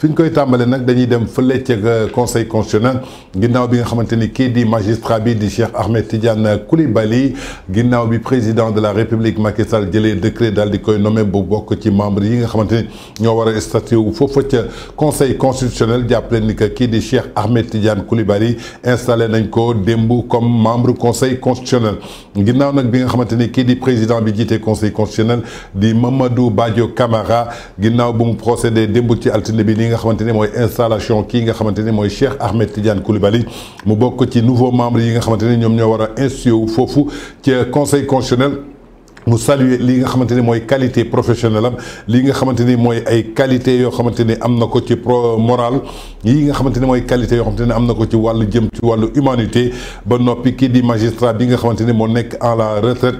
fin koy tambalé nak dañuy dem feulé ci conseil constitutionnel ginnaw bi nga xamanteni ni di magistrat bi di Cheikh Ahmed Tidiane Coulibaly ginnaw bi président de la république Macky Sall jëlee décret dal di koy nommé bu bok ci membre yi nga xamanteni ño wara war a statué wu conseil constitutionnel jàppale ni que kii di Cheikh Ahmed Tidiane Coulibaly installé nañ ko dembu comme membre conseil constitutionnel ginnaw nak bi nga xamanteni ni di président bi jiite conseil constitutionnel di Mamadou Badio Camara ginnaw bu mu procédé dembu ci altine bi nga xamante ne installation kii nga xamante moy Cheikh Ahmed Tidiane Koulibaly mu bok ci nouveau membre yi nga xamante ñom ñoo wara a institué wu conseil constitutionnel mu saluer li nga xamanteni moy qualité professionnelle am li nga xamanteni moy ay qualité yo xamanteni ni ko ci pro moral yi nga xamanteni moy qualité yo xamanteni ni ko ci walu jëm ci walu humanité ba nopi ki di magistrat bi nga xamanteni mo nek en la retraite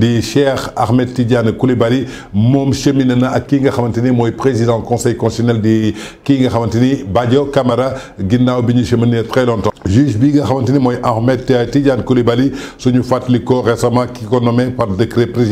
di Cheikh Ahmed Tidiane Coulibaly mom cheminé na ak ki nga xamanteni moy président conseil constitutionnel di ki nga xamanteni Badio Camara ginnaw biñu cheminé très longtemps. juge bi nga xamanteni moy Ahmed Tidiane Coulibaly suñu fàttali récemment ki ko nommé par décret président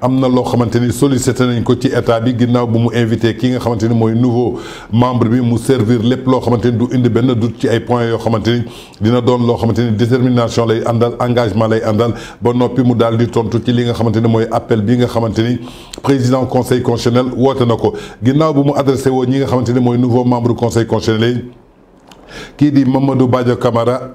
amna lo xamanteni solliciter ni nañ ko ci état bi ginnaw bu mu invité ki nga xamanteni moy nouveau membre bi mu servir lepp lo xamanteni du indi ben doute ci ay points yo xamanteni dina doon lo xamanteni détermination lay andal engagement lay andal ba nopi mu daldi tontu ci li nga xamanteni moy appel bi nga xamanteni président conseil constitutionnel wote nako ginnaw ginnaaw bu mu adressé woo ñi nga xamanteni moy nouveau membre conseil constitutionnel qui dit di Mamadou Badio Camara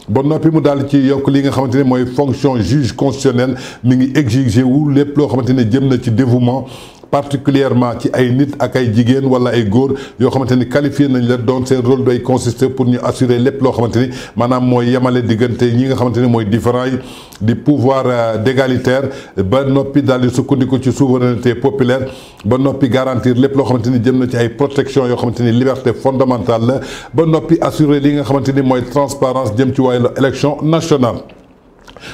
ba noppi mu daal ci yokk li nga xamante ne mooy fonction juge constitutionnel mi ngi exiger wu lépp loo xamante ne jëm na ci dévouement particulièrement ci ay nit ak ay jigen wala ay góor yo xamanteni ni qualifié nañ la don sen rôle doy consister pour ñu assurer lepp lo xamanteni manam moy yamale yemale ñi nga xamanteni moy différent di pouvoir euh, d'égalitaire ba nopi daal di sukkandiku ci souveraineté populaire ba nopi garantir lepp lo xamanteni jëm na ci ay protection yo xamanteni liberté fondamentale ba nopi assurer li nga xamanteni moy transparence jëm ci waye élection nationale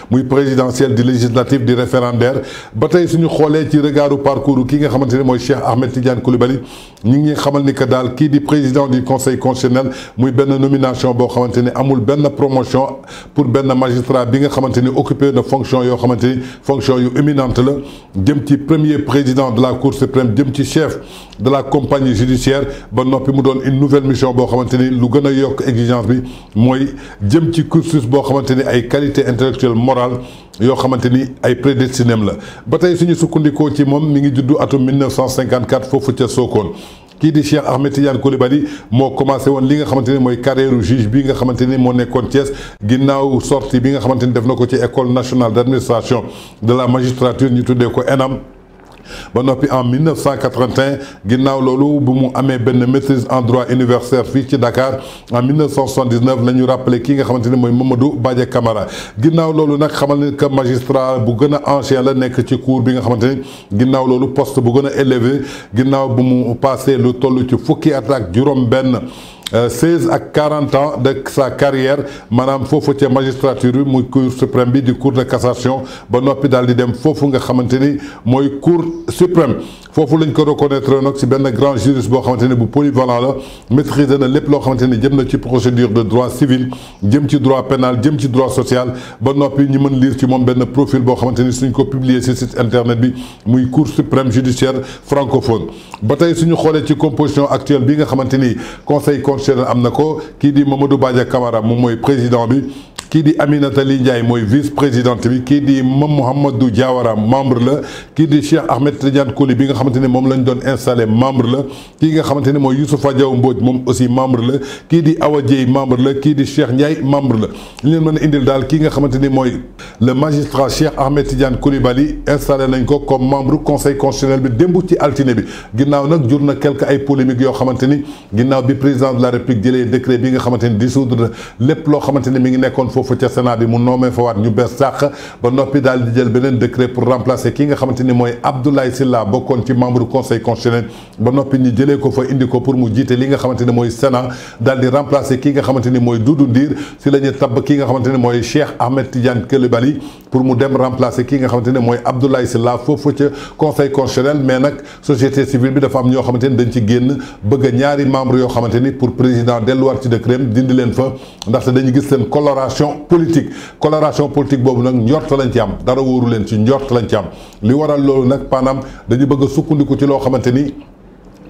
muy présidentiel, di législatif di référendaire ba tey suñu xolé ci regardu parcours ki nga xamanteni moy Cheikh Ahmed Tidiane Coulibaly ñi ngi xamal ni ka dal ki di président du conseil constitutionnel muy ben nomination bo xamanteni amul ben promotion pour ben magistrat bi nga xamanteni occuper occupé na fonction yo xamanteni fonction yu éminente la dem ci premier président de la cour suprême dem ci chef de la compagnie judiciaire ba nopi mu doon une nouvelle mission bo xamanteni lu gëna yok exigence bi moy dem ci cursus bo xamanteni ay qualité intellectuelle morale yoo xamante ni ay prédestinem la ba tey suñu sukkandikoo ci moom mi ngi juddu atum 1954 foofu ca Sokone kii di Cheikh Ahmed Tidiane Coulibaly moo commencé woon li nga xamante ni mooy carrière juge bi nga xamante ni moo nekkoon Thiès ginnaaw sortie bi nga xamante ni def na ko ci école nationale d' administration de la magistrature ñu tuddee ko ENAM ba noppi en 1981 ginnaaw loolu bu mu amee benn maîtrise en droit universitaire fii ci Dakar en 1979 la ñu rappelé kii nga xamante ni mooy Mamadou Badji Camara ginnaaw loolu nag xamal ni que magistrat bu gën ancien la nekk ci cour bi nga xamante ni ginnaaw poste bu gën élevé ginnaaw bu mu passé lu toll ci fukki at ak juróom 16 à 40 ans de sa carrière madame Fofotia magistrature cours cour suprême du cours cour de cassation ba noppi daal di dem cour suprême Fofoulin lañ ko reconnaître nag si grand juriste boo xamante bu polyvalent la maîtriser na lépp loo xamante procédure de droit civil jëm ci droit pénal jëm ci droit social ba noppi lire ci profil boo xamante ni suñ ko site internet bi cours cour suprême judiciaire francophone Bataille tey suñu xoolee ci composition actuelle bi nga conseil professionnel Amnako, na ko kii di Mamadou Badia Camara moom président bi qui dit Aminata Ly Ndiaye vice présidente Qui dit di Mame Diawara membre le, qui dit Cheikh Ahmed Tidiane Kouli, bi nga xamante ne installé membre le, qui nga xamante ne aussi membre le, qui di Awadjei, membre le qui dit Cheikh Niaï, membre le. li leen a indil Dal, le magistrat Cheikh Ahmed Tidiane Koulibali, installé nañ comme membre conseil constitutionnel bi démb ci altine bi ginnaaw quelques ay polémiques yoo xamante a bi président de la république jëlee décret bi nga dissoudre les plots de ni mi foofu ca Sénat bi mu noomee fa waat ñu bees sàq ba noppi daal di jël beneen décret pour remplacer ki nga xamante ni mooy Abdoulaye Sylla bokkoon ci membre conseil constitutionnel ba noppi ñu jëlee ko fa indi pour mu jiite li nga xamante ni Sénat daal di remplacer ki nga xamante ni mooy Doudou Ndir si la ñu tabb ki nga xamante ni mooy Cheikh Ahmed Tidiane Coulibaly pour mu dem remplacer ki nga xamante ni mooy Abdoulaye Sylla foofu ca conseil constitutionnel mais nag société civile bi dafa am ñoo xamante ni dañ ci génn bëgg ñaari membre yoo xamante pour président delluwaat ci décret dindi leen fa ndaxte dañu gis seen coloration coloration politique coloration politique boobu nag njort lañ ci am dara wóoru leen ci njort lañ ci am li waral loolu nag maanaam dañu bëgg a sukkandiku ci loo xamante ni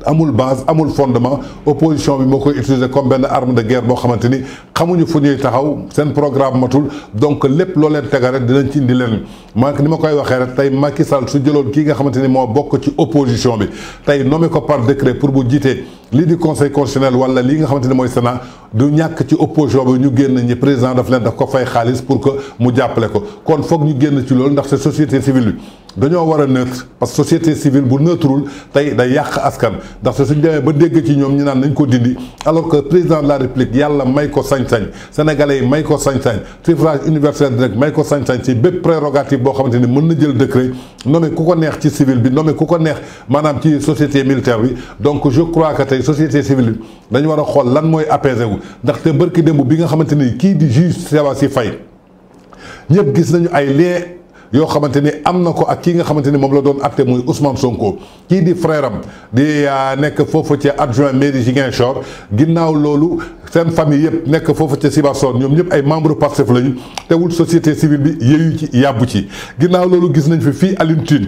amul base amul fondement opposition bi moko utiliser comme benn arme de guerre bo xamanteni xamuñu fuñuy taxaw sen programme matul donc lepp loo leen tega rek dinañ ci indi leen manque ni koy waxé rek tay Macky Sall su jëloon ki nga xamanteni mo bok ci opposition bi tay nommé ko par décret pour bu jité li di conseil constitutionnel wala li nga xamanteni moy Sénat du ñak ci opposition bi ñu génn ni président daf leen daf ko fay xaliss pour que mu jàppale ko kon foog ñu génn ci loolu ndax c'est société civile bi dañoo war a neutre parce que société civile bu neutrewul tay day yàq askan ndax su suñ demee ba dégg ci ñoom ñu naan nañ ko dindi alors que président de la république yàlla may ko sañ-sañ sénégalais yi may ko sañ-sañ suffrage universel direct may ko sañ-sañ ci bépp prérogative boo xamante ni mën na jël décret nommé ku ko neex ci civil bi nommé ku ko neex maanaam ci société militaire bi donc je crois que tey société civile bi dañu war a xool lan mooy apaisé wu ndaxte barki démb bi nga xamante ni kii di juge Sabassy fay ñëpp gis nañu ay liens Yo, xamante ni ko ak ki nga xamante mom la doon acte moy Ousmane Sonko kii di frère di euh, nek fofu ci adjoint mairie Ziguinchor ginnaw loolu sen famille yëpp nek fofu ci Sibasson ñom ñep ay membre Pastef lañu wul société civile bi yeeyu ci yàbbu ci ginnaw loolu gis nañ fi fi Alintine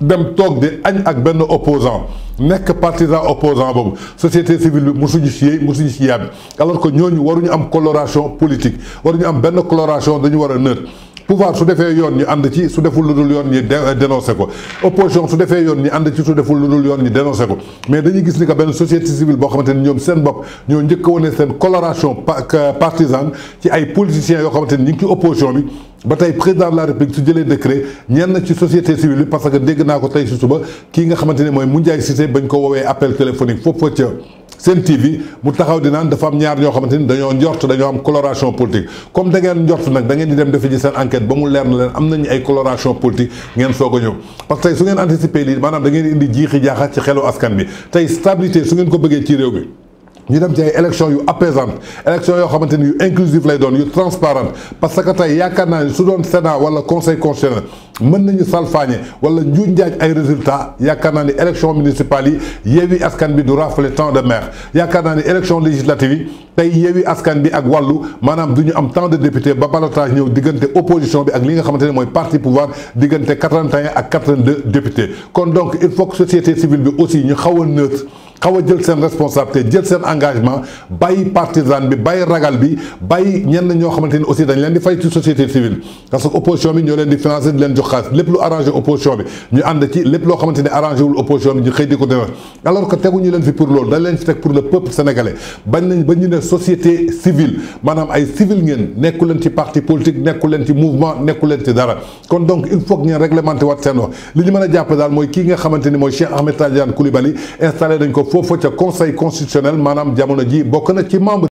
dem tok de añ ak ben opposant nek partisan opposant boobu société civile bi musuñu si musuñu ci yàbbi alors que ñooñu waruñu am coloration politique waruñu am ben coloration dañu wara neutre pouvoir su defee yoon ñi ànd ci su deful lu dul yoon ñi euh, dénoncé ko opposition su defee yoon ñi ànd ci su deful lu dul yoon ñi dénoncé ko mais dañuy gis ni que benn société civile boo xamante ni ñoom seen bopp ñoo njëkk a wane seen coloration partisane ci ay politiciens yoo xamante ni ñu ngi ci opposition bi ba tey président de la république su jëlee décret ñen ci société civile parce que dégg naa ko tey si suba ki nga xamante moy mooy Moundiaye Cissé bañ ko wowe appel téléphonique fofu ci sen TV mu taxaw di naan dafa am ñaar ñoo xamante ni dañoo njort dañoo am coloration politique comme da ngeen njort nag da ngeen di dem def ci sen enquête ba mu leer na leen am nañ ay coloration politique ngeen soga ñu parce que su ngeen anticiper li manam da ngeen indi jiixi jaaxa ci xelu askan bi tay stabilité su ngeen ko bëggee ci réew mi nous dem ci ay élection yu apaisante élection transparentes, inclusive transparente parce que si nous ni su doon Sénat wala conseil constitutionnel mën nañu salfaañe wala résultat yaakaar naa ni élection municipale yi Yewwi Askan bi du rafle temps de maire ni élection législative yi il y Askan bi ak wàllu maanaam du tant de député ba avons ñëw diggante opposition bi ak li nga xamante ne parti pouvoir 81 à 82 députés donc il faut que la société civile aussi nous soit neutre xaw a jël seen responsabilité jël seen engagement bàyyi partisan bi bàyyi ragal bi bàyyi ñenn ñoo xamante ni aussi dañ leen di fay ci société civile parce que opposition bi ñoo leen di financer di leen jox xaalis lépp lu arrangé opposition bi ñu ànd ci lépp loo xamante ni arrangé wul opposition bi ñu xëy di ko defar alors que teguñu leen fi pour loolu dañ leen fi teg pour le peuple sénégalais bañ nañ ba ñu ne société civile maanaam ay civil ngeen nekku leen ci parti politique nekku leen ci mouvement nekku leen ci dara kon donc il faut que ngeen réglementer wat seen wax li ñu mën a jàpp daal mooy kii nga xamante ni mooy Cheikh Ahmed Tidiane Coulibaly installé dañ ko foofa ca conseil constitutionnel manam jamono ji bokk na ci membre